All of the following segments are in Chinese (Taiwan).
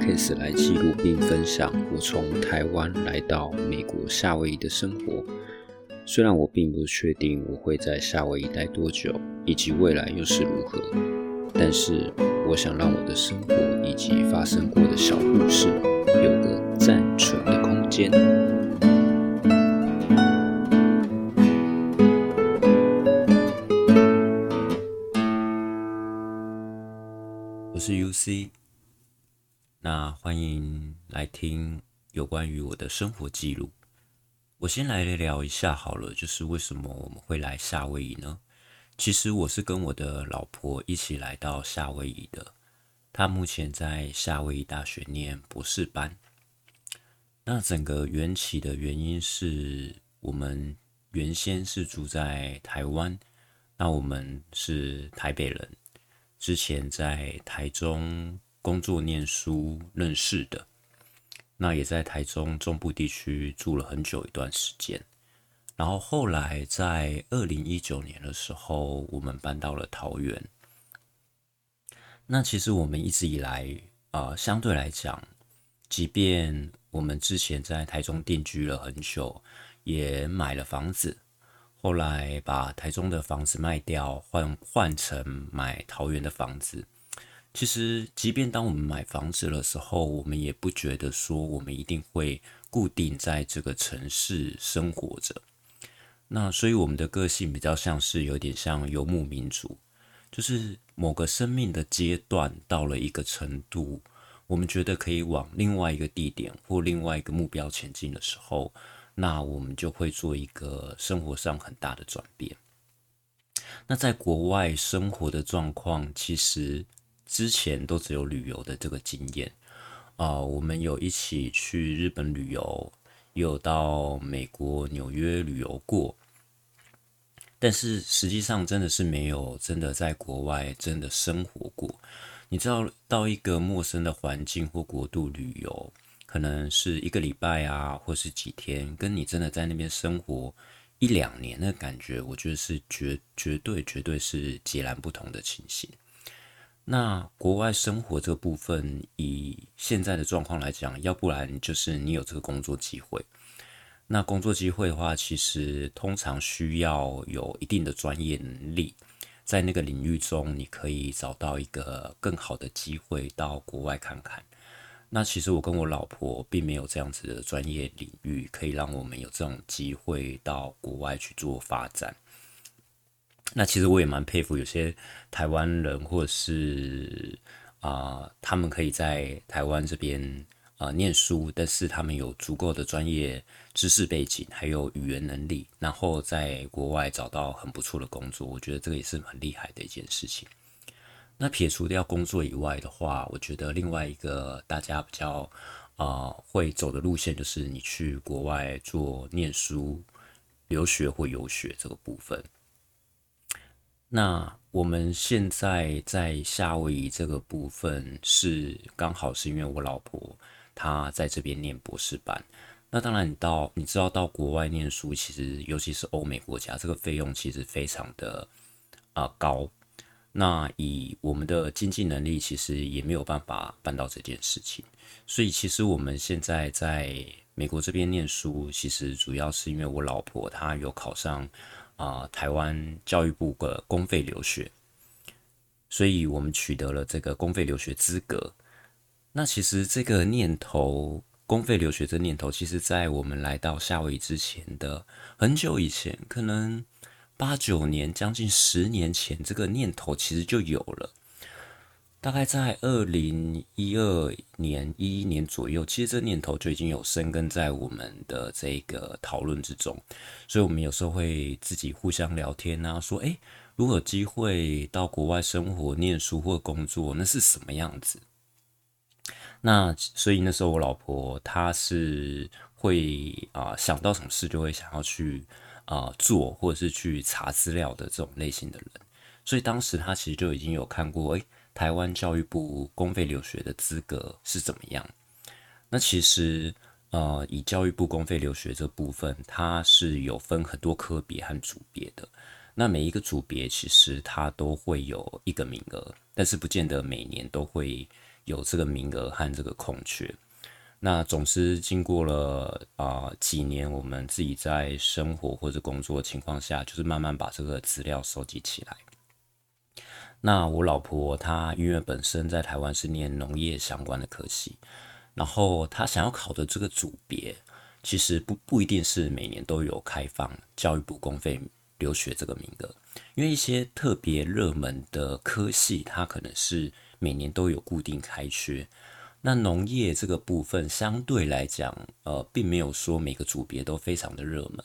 case 來記錄並分享我從台灣來到美國夏威夷的生活。雖然我並不確定我會在夏威夷待多久，以及未來又是如何，但是我想讓我的生活以及發生過的小故事有個暫存的空間。我是 UC。那歡迎來聽有關於我的生活記錄。我先來聊一下好了，就是為什麼我們會來夏威夷呢？其實我是跟我的老婆一起來到夏威夷的，她目前在夏威夷大學念博士班。那整個緣起的原因是我們原先是住在台灣，那我們是台北人，之前在台中。工作、念書、認識的，那也在台中中部地區住了很久一段時間。然後後來在二零一九年的時候，我們搬到了桃園。那其實我們一直以來，啊、呃，相對來講，即便我們之前在台中定居了很久，也買了房子，後來把台中的房子賣掉，換換成買桃園的房子。其實，即便當我們買房子的時候，我們也不覺得說我們一定會固定在這個城市生活着。那所以，我們的個性比較像是有點像游牧民族，就是某個生命的階段到了一個程度，我們覺得可以往另外一個地點或另外一個目標前進的時候，那我們就會做一個生活上很大的轉變。那在國外生活的狀況，其實，之前都只有旅遊的這個經驗，啊、呃，我們有一起去日本旅遊，也有到美國紐約旅遊過，但是實際上真的是沒有真的在國外真的生活過。你知道，到一個陌生的環境或國度旅遊，可能是一個禮拜啊，或是幾天，跟你真的在那邊生活一兩年的感覺，我覺得是絕絕對絕對是截然不同的情形。那國外生活這個部分，以現在的狀況來講，要不然就是你有這個工作機會。那工作機會的話，其實通常需要有一定的專業能力，在那個領域中，你可以找到一個更好的機會到國外看看。那其實我跟我老婆並沒有這樣子的專業領域，可以讓我們有這種機會到國外去做發展。那其實我也蠻佩服有些台灣人或，或是啊，他們可以在台灣這邊啊、呃、念書，但是他們有足夠的專業知識背景，還有語言能力，然後在國外找到很不錯的工作。我覺得這個也是很厲害的一件事情。那撇除掉工作以外的話，我覺得另外一個大家比較啊、呃、會走的路線，就是你去國外做念書、留學或遊學這個部分。那我們現在在夏威夷這個部分是剛好是因為我老婆她在這邊念博士班。那當然，你到你知道到國外念書，其實尤其是歐美國家，這個費用其實非常的啊、呃、高。那以我們的經濟能力，其實也沒有辦法辦到這件事情。所以其實我們現在在美國這邊念書，其實主要是因為我老婆她有考上，啊、呃，台灣教育部的公費留學，所以我們取得了這個公費留學資格。那其實這個念頭，公費留學這念頭，其實在我們來到夏威夷之前的很久以前，可能八九年、將近十年前，這個念頭其實就有了。大概在二零一二年一一年左右，其實這念頭就已經有生根在我們的這個討論之中。所以，我們有時候會自己互相聊天啊，說：“哎、欸，如果有機會到國外生活、念書或工作，那是什麼樣子？”那所以那時候我老婆她是會啊、呃，想到什麼事就會想要去啊、呃、做，或者是去查資料的這種類型的人。所以當時她其實就已經有看過，誒、欸台灣教育部公費留學的資格是怎麼樣？那其實，呃，以教育部公費留學這部分，它是有分很多科別和組別的。那每一個組別其實它都會有一個名額，但是不見得每年都會有這個名額和這個空缺。那總之，經過了啊、呃、幾年，我們自己在生活或者工作情況下，就是慢慢把這個資料收集起來。那我老婆她因為本身在台灣是念農業相關的科系，然後她想要考的這個組別，其實不不一定是每年都有開放教育部公費留學這個名額，因為一些特別熱門的科系，它可能是每年都有固定開缺。那農業這個部分相對來講，呃，並沒有說每個組別都非常的熱門，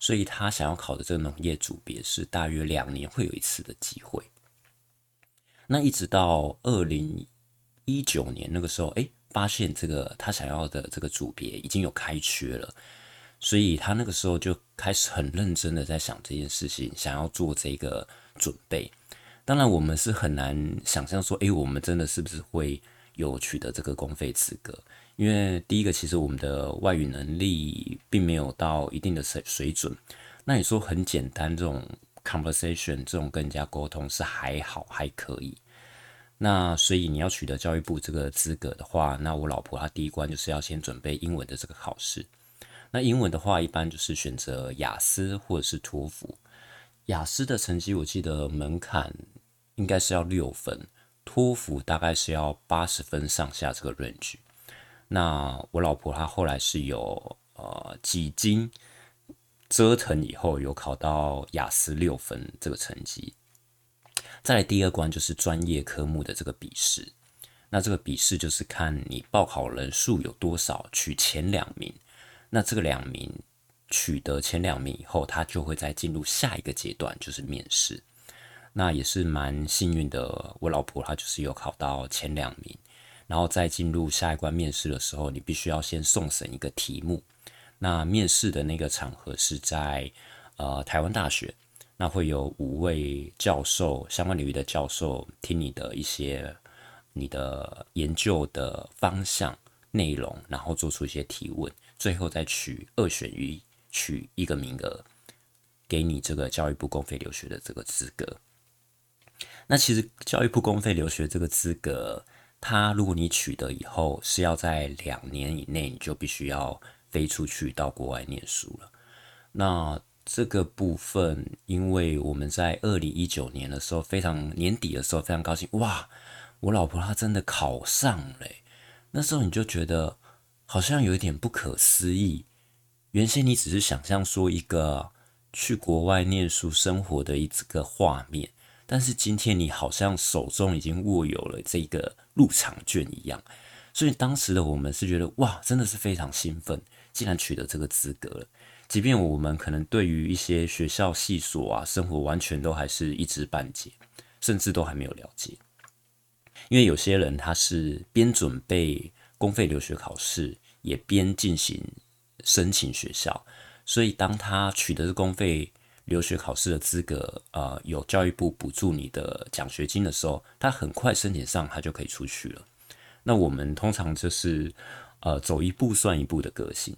所以她想要考的這個農業組別是大約兩年會有一次的機會。那一直到二零一九年那個時候，哎、欸，發現這個他想要的這個組別已經有開缺了，所以他那個時候就開始很認真的在想這件事情，想要做這個準備。當然，我們是很難想象說，哎、欸，我們真的是不是會有取得這個公費資格？因為第一個，其實我們的外語能力並沒有到一定的水水準。那你說很簡單這種。conversation 這種跟人家溝通是還好還可以，那所以你要取得教育部這個資格的話，那我老婆她第一關就是要先準備英文的這個考試。那英文的話，一般就是選擇雅思或者是托福。雅思的成績我記得門檻應該是要六分，托福大概是要八十分上下這個 range。那我老婆她後來是有呃幾經折騰以後，有考到雅思六分這個成績。再來，第二關就是專業科目的這個筆試，那這個筆試就是看你報考人數有多少，取前兩名。那這個兩名取得前兩名以後，他就會再進入下一個階段，就是面試。那也是蠻幸運的，我老婆她就是有考到前兩名。然後再進入下一關面試的時候，你必須要先送審一個題目。那面試的那個場合是在呃台灣大學，那會有五位教授，相關領域的教授聽你的一些你的研究的方向內容，然後做出一些提問，最後再取二選一，取一個名額給你這個教育部公費留學的這個資格。那其實教育部公費留學這個資格，它如果你取得以後，是要在兩年以內，你就必須要。飛出去到國外念書了。那這個部分，因為我們在二零一九年的時候，非常年底的時候，非常高興。哇，我老婆她真的考上了！那時候你就覺得好像有一點不可思議。原先你只是想象說一個去國外念書生活的一個畫面，但是今天你好像手中已經握有了這個入場券一樣。所以當時的我們是覺得，哇，真的是非常興奮。既然取得這個資格了，即便我們可能對於一些學校系所啊，生活完全都還是一知半解，甚至都還沒有了解。因為有些人他是邊準備公費留學考試，也邊進行申請學校，所以當他取得是公費留學考試的資格，呃，有教育部補助你的獎學金的時候，他很快申請上，他就可以出去了。那我們通常就是呃，走一步算一步的個性。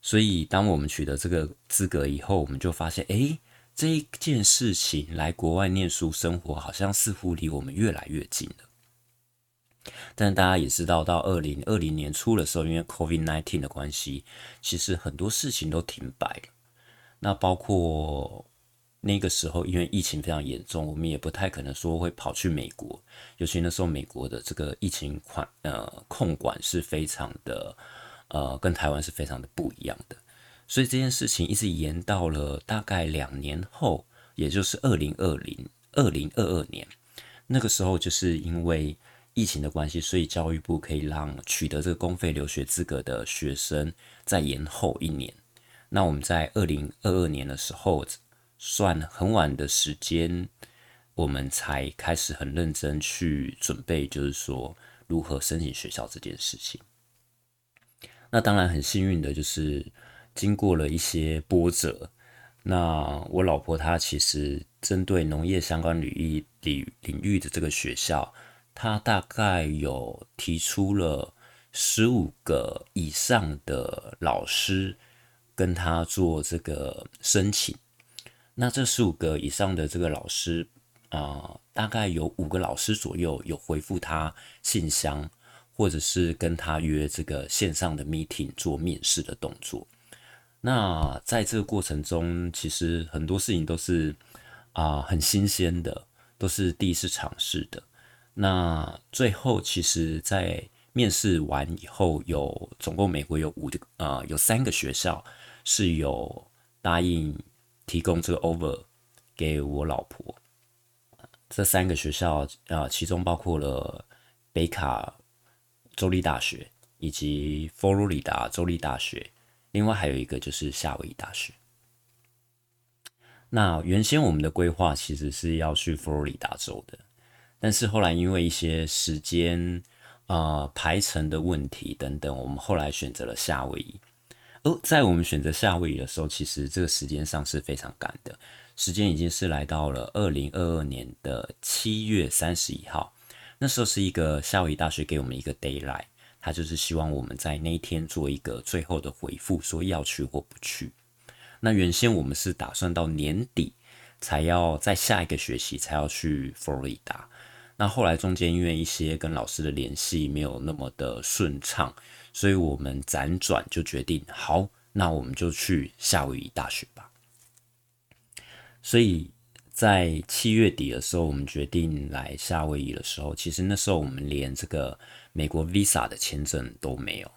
所以，當我們取得這個資格以後，我們就發現，哎，這一件事情來國外念書生活，好像似乎離我們越來越近了。但大家也知道，到二零二零年初的時候，因為 COVID-19 的關係，其實很多事情都停擺了。那包括那個時候，因為疫情非常嚴重，我們也不太可能說會跑去美國。尤其那時候，美國的這個疫情款呃控管是非常的。呃，跟台灣是非常的不一樣的，所以這件事情一直延到了大概兩年後，也就是二零二零二零二二年，那個時候就是因為疫情的關係，所以教育部可以讓取得這個公費留學資格的學生再延後一年。那我們在二零二二年的時候，算很晚的時間，我們才開始很認真去準備，就是說如何申請學校這件事情。那當然很幸運的就是，經過了一些波折，那我老婆她其實針對農業相關領域領領域的這個學校，她大概有提出了十五個以上的老師跟她做這個申請，那這十五個以上的這個老師啊，呃，大概有五個老師左右有回復她信箱。或者是跟他約這個線上的 meeting 做面試的動作，那在這個過程中，其實很多事情都是啊、呃、很新鮮的，都是第一次嘗試的。那最後，其實，在面試完以後，有總共美國有五個啊、呃、有三個學校是有答應提供這個 offer 給我老婆。這三個學校啊、呃，其中包括了北卡州立大學以及佛羅里達州立大學，另外還有一個就是夏威夷大學。那原先我們的規劃其實是要去佛羅里達州的，但是後來因為一些時間、呃，排程的問題等等，我們後來選擇了夏威夷。哦、呃，在我們選擇夏威夷的時候，其實這個時間上是非常趕的，時間已經是來到了二零二二年的七月三十一號。那時候是一個夏威夷大學給我們一個 daylight，他就是希望我們在那一天做一個最後的回復，說要去或不去。那原先我們是打算到年底才要在下一個學期才要去佛羅里達。那後來中間因為一些跟老師的聯繫沒有那麼的順暢，所以我們輾轉就決定，好，那我們就去夏威夷大學吧。所以。在七月底的時候，我們決定來夏威夷的時候，其實那時候我們連這個美國 Visa 的簽證都沒有。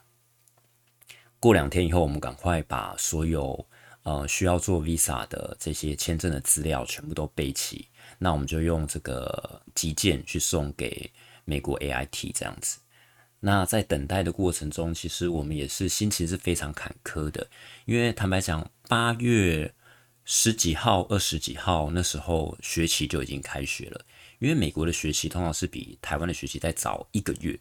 過兩天以後，我們趕快把所有呃需要做 Visa 的這些簽證的資料全部都備齊，那我們就用這個急件去送給美國 AIT 這樣子。那在等待的過程中，其實我們也是心情是非常坎坷的，因為坦白講，八月。十幾號、二十幾號，那時候學期就已經開學了。因為美國的學期通常是比台灣的學期再早一個月，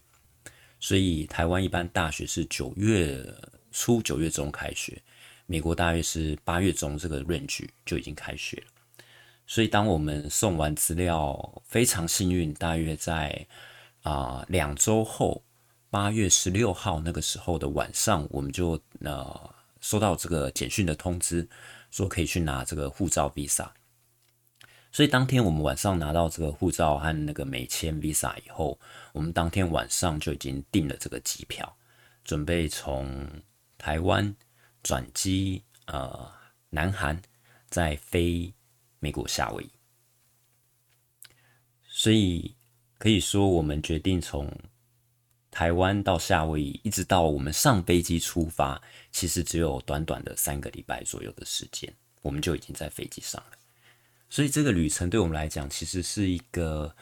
所以台灣一般大學是九月初、九月中開學，美國大約是八月中這個 range 就已經開學了。所以，當我們送完資料，非常幸運，大約在啊兩周後，八月十六號那個時候的晚上，我們就呃收到這個簡訊的通知。說可以去拿這個護照 Visa，所以當天我們晚上拿到這個護照和那個美簽 Visa 以後，我們當天晚上就已經訂了這個機票，準備從台灣轉機，呃，南韓再飛美國夏威夷，所以可以說我們決定從。台灣到夏威夷，一直到我們上飛機出發，其實只有短短的三個禮拜左右的時間，我們就已經在飛機上了。所以這個旅程對我們來講，其實是一個，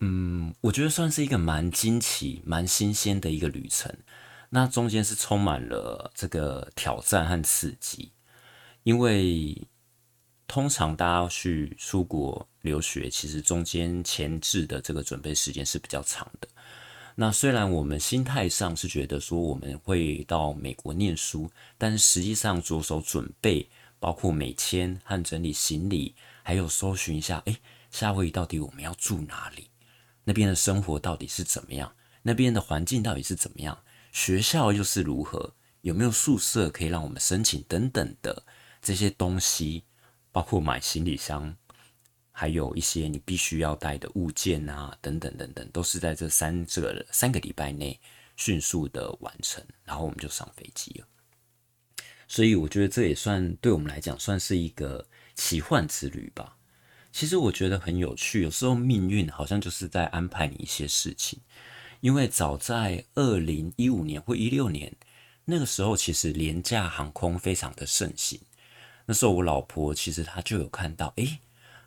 嗯，我覺得算是一個蠻驚奇、蠻新鮮的一個旅程。那中間是充滿了這個挑戰和刺激，因為通常大家要去出國留學，其實中間前置的這個準備時間是比較長的。那雖然我們心態上是覺得說我們會到美國念書，但實際上着手準備，包括美簽和整理行李，還有搜尋一下，哎、欸，夏威夷到底我們要住哪裡？那邊的生活到底是怎麼樣？那邊的環境到底是怎麼樣？學校又是如何？有沒有宿舍可以讓我們申請？等等的這些東西，包括買行李箱。還有一些你必須要帶的物件啊，等等等等，都是在這三者個三個禮拜內迅速的完成，然後我們就上飛機了。所以我覺得這也算對我們來講算是一個奇幻之旅吧。其實我覺得很有趣，有時候命運好像就是在安排你一些事情。因為早在二零一五年或一六年那個時候，其實廉價航空非常的盛行。那時候我老婆其實她就有看到，誒、欸。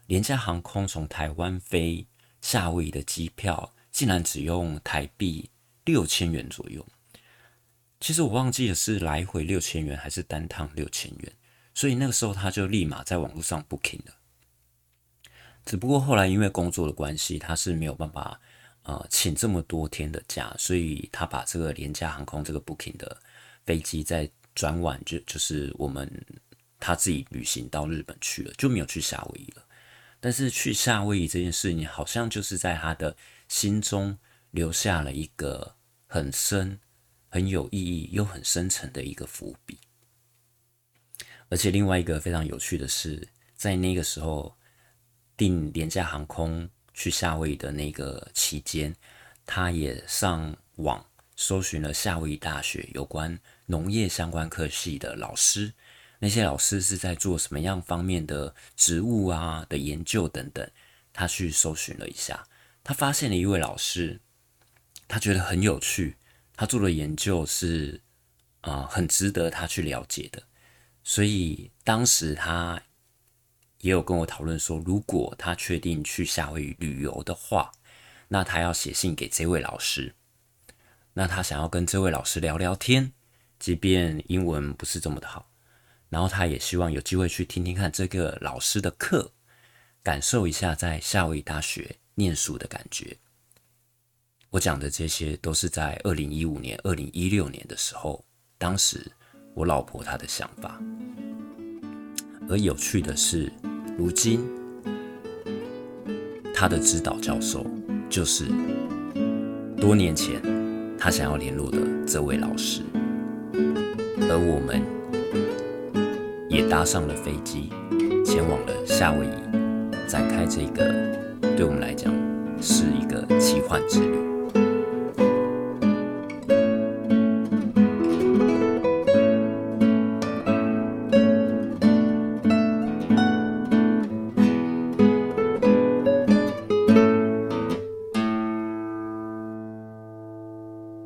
廉價航空從台灣飛夏威夷的機票竟然只用台幣六千元左右。其實我忘記了是來回六千元還是單趟六千元。所以那個時候他就立馬在網絡上 booking 了。只不過後來因為工作的關係，他是沒有辦法呃請這麼多天的假，所以他把這個廉價航空這個 booking 的飛機再轉往就就是我們他自己旅行到日本去了，就沒有去夏威夷了。但是去夏威夷這件事情，好像就是在他的心中留下了一個很深、很有意義又很深層的一個伏筆。而且另外一個非常有趣的是，在那個時候訂廉價航空去夏威夷的那個期間，他也上網搜尋了夏威夷大學有關農業相關科系的老師。那些老師是在做什麼樣方面的植物啊的研究等等，他去搜尋了一下，他發現了一位老師，他覺得很有趣，他做的研究是啊、呃、很值得他去了解的，所以當時他也有跟我討論說，如果他確定去夏威夷旅遊的話，那他要寫信給這位老師，那他想要跟這位老師聊聊天，即便英文不是這麼的好。然後他也希望有機會去聽聽看這個老師的課，感受一下在夏威夷大學念書的感覺。我講的這些都是在二零一五年、二零一六年的時候，當時我老婆她的想法。而有趣的是，如今她的指導教授就是多年前她想要聯絡的這位老師，而我們。也搭上了飛機，前往了夏威夷，展開這個對我們來講是一個奇幻之旅。